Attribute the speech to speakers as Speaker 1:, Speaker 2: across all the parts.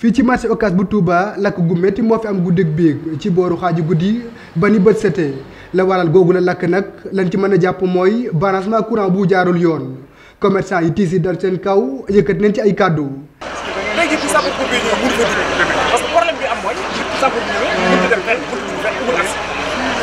Speaker 1: fii ci marché Ocass bu Touba lakk gu métti moo fi am guddeeg biig ci booru xaaju guddi ba ni bët setee la waral googu la lakk nag lañ ci mën a jàpp mooy branchement courant bu jaarul yoon commerçant yi tiis yi dal seen kaw yëkkat nañ ci ay kàddu.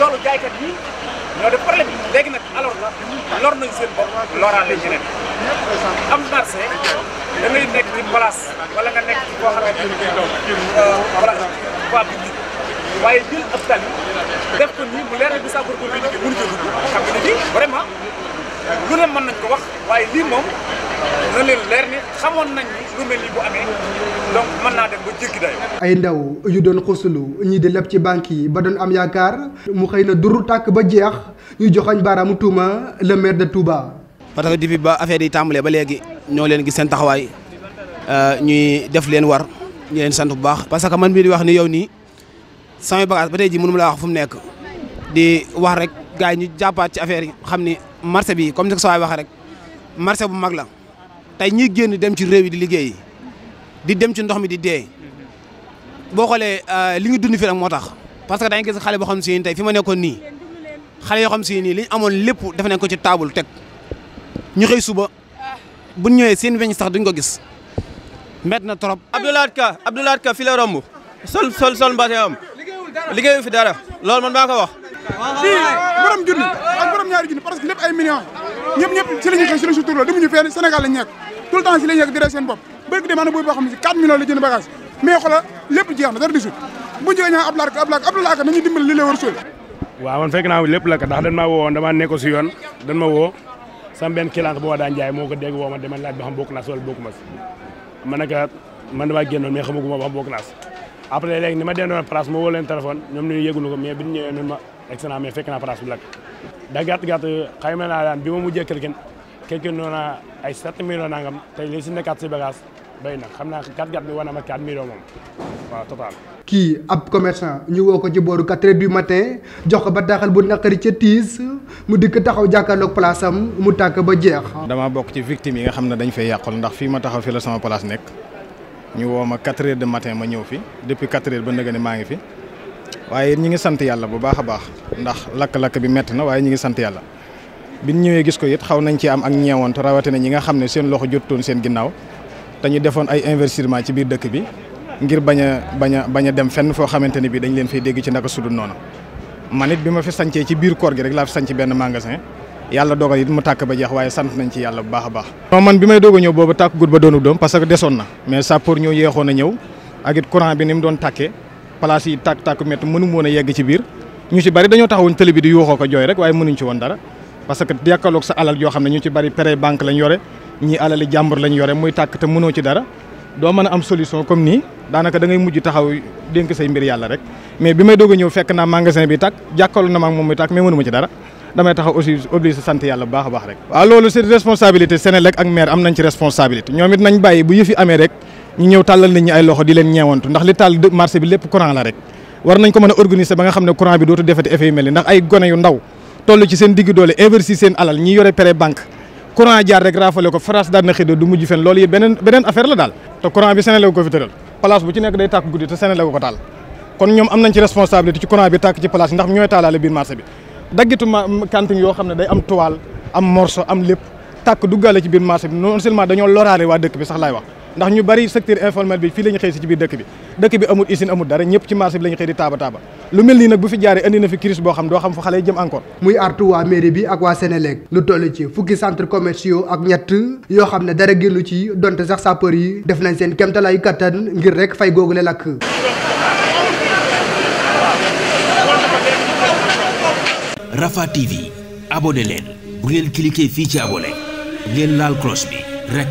Speaker 2: loolu jaaykat yi ñoo def problème bi léegi nag alors la lor nañ seen bopp loraale ñeneen am
Speaker 1: yoo euh, waaye jël ab tali def ko nii mu leer ni vraiment
Speaker 2: lu ne mën nañ ko bu amee donc mën
Speaker 1: naa dem ba jéggi dayo ay ndaw yu doon xosulu ñii di leb ci banque yi ba doon am yaakaar mu xëy na duru tàkk ba jeex ñu joxañ baaraamu tuuma le maire de Touba.
Speaker 2: parce que depuis ba affaire yi tàmbalee ba léegi ñoo leen gis seen taxawaay. Euh, ñuy def leen war ñu leen sant bu baax. parce que man mii di wax ni yow nii samay bagage ba te jii mënu ma laa wax fu mu nekk di wax rek gars yi ñu jàppaat ci affaire yi xam ni marché bi comme ni ko saa waxee rek marché bu mag la tey ñiy génn dem ci réew yi di liggéey di dem ci ndox mi di dee boo xoolee euh, li ñu dund fi rek moo tax. parce que dañu gis xale boo xam si ne tey fi ma nekkoon nii xale yoo xam si nii li amoon lépp def nañ ko ci taabul teg ñu xëy suba bu ñëwee seen weñ sax duñ ko gis. met na trop. Abdoulaye Ka Abdoulaye sol sol sol mbaa am liggéeyu fi dara loolu man maa ko wax. fii borom junni ak borom ñaari junni parce que lépp ay millions ñëpp ñëpp si la ñuy xëy la sutura du mu ñu fenn Sénégal lañ nekk tout le temps si la ñuy nekk di rey seen bopp bëgg de maanaam booy boo xam ne si 4 millions la jënd bagage mais xoolal lépp jeex na dara di sut bu ñu Ka Abdoulaye Ka Abdoulaye Ka nañu dimbali li lay war sol waaw man fekk naa lépp la ka ndax dañ maa woo damaa nekk si yoon dañ ma woo sama benn client bu ma daan jaay moo ko dégg woo ma dama laaj bokk naa sol bokkuma man nag man damaa génnoon mais xamaguma wax bokk naas après léegi ni ma dendoon place ma woo leen téléphone ñoom ñu yëgulu ko mais bi ñu ñëwee noonu ma excellent mais fekk naa place bi lakk da gàtt gàtt xayma naa daan bi ma mujjee quelqu'un quelqu'un noona ay 7 millions nangam te li si nekkaat si bagage doy nag xam naa gàtt-gàtt bi war na ma 4 millions moom waaw total.
Speaker 1: kii ab commerçant ñu woo ko ci booru 4 heures du matin jox ko ba daaxal bu naqari ca tiis mu dikk taxaw jàkkaarloog place am mu tàkk ba jeex.
Speaker 2: damaa bokk ci victime yi nga xam ne dañ fay yàqul ndax fii ma taxaw fi la sama place nekk ñu woo ma 4 heures de matin ma ñëw fi depuis 4 heures ba nga ne maa ngi fi waaye ñi ngi sant yàlla bu baax a baax ndax lakk-lakk bi métti na waaye ñi ngi sant yàlla. biñ ñëwee gis ko it xaw nañ ci am ak ñeewant rawatina ñi nga xam ne seen loxo jotutoon seen ginnaaw. te defoon ay investissement ci biir dëkk bi ngir bañ a bañ dem fenn foo xamante ni bi dañ leen fay dégg ci naka sudul noonu man it bi ma fi sancee ci biir koor gi rek laa fi sanc benn magasin yàlla dogal it mu tàkk ba jeex waaye sant nañ ci yàlla bu baax a baax non man bi may doog a ñëw boobu tàkk gud ba doonu doom parce que desoon na mais sappoor ñoo yeexoon a ñëw ak it courant bi ni mu doon tàkkee place yi tàkk tàkk métti mënu woon a yegg ci biir ñu ci bari dañoo taxawuñ télé bi di ko jooy rek waaye mënuñ ci woon dara parce que yàkkaloog sa yoo xam ne ñu ci bari prêt banque lañ yore ñii alali jàmbur lañ yore muy tàkk te mënoo ci dara doo mën am solution comme nii daanaka da ngay mujj taxaw dénk say mbir yàlla rek mais bi may doog a ñëw fekk naa magasin bi tàkk jàkkaarloo na ma ak moom muy tàkk mais mënu ma ci dara damay taxaw aussi obligé sant yàlla bu baax a baax rek. waaw loolu c'est responsabilité Senelec ak maire am nañ ci responsabilité ñoom it nañ bàyyi bu yëf amee rek ñu ñëw tàllal nit ay loxo di leen ñeewantu ndax li tàll marché bi lépp courant la rek war a organiser ba nga xam ne courant bi dootu defati effet yu mel ni ndax ay gone yu ndaw toll banque courant jaar rek raafale ko France daan na xëy du mujj fen loolu yi beneen beneen affaire la daal te courant bi Senelec ko fi tëral place bu ci nekk day tàkk guddi te Senelec ko taal kon ñoom am nañ ci responsabilité ci courant bi tàkk ci place ndax ñooy taalaale biir marché bi daggitu ma yoo xam ne day am toile am morceau am lépp tàkk duggaale ci biir marché bi non seulement dañoo loraale waa dëkk bi sax laay wax ndax ñu bari secteur informel bi fii la ñu xëy si ci biir dëkk bi dëkk bi amul usine amul dara ñëpp ci marché bi la ñu xëy di taaba taaba lu mel nii nag bu
Speaker 1: fi jaaree andi na fi crise boo xam doo xam fu xale yi jëm encore muy artu waa mairie bi lu toll ci fukki centre commerciaux ak ñett yoo xam ne dara génnu ci donte sax sapeur yi def nañ seen kéemtalaayu kattan ngir rek fay googu le lakk
Speaker 2: Rafah TV abonné leen bu ngeen fii ci abonné ngeen laal cloche bi rek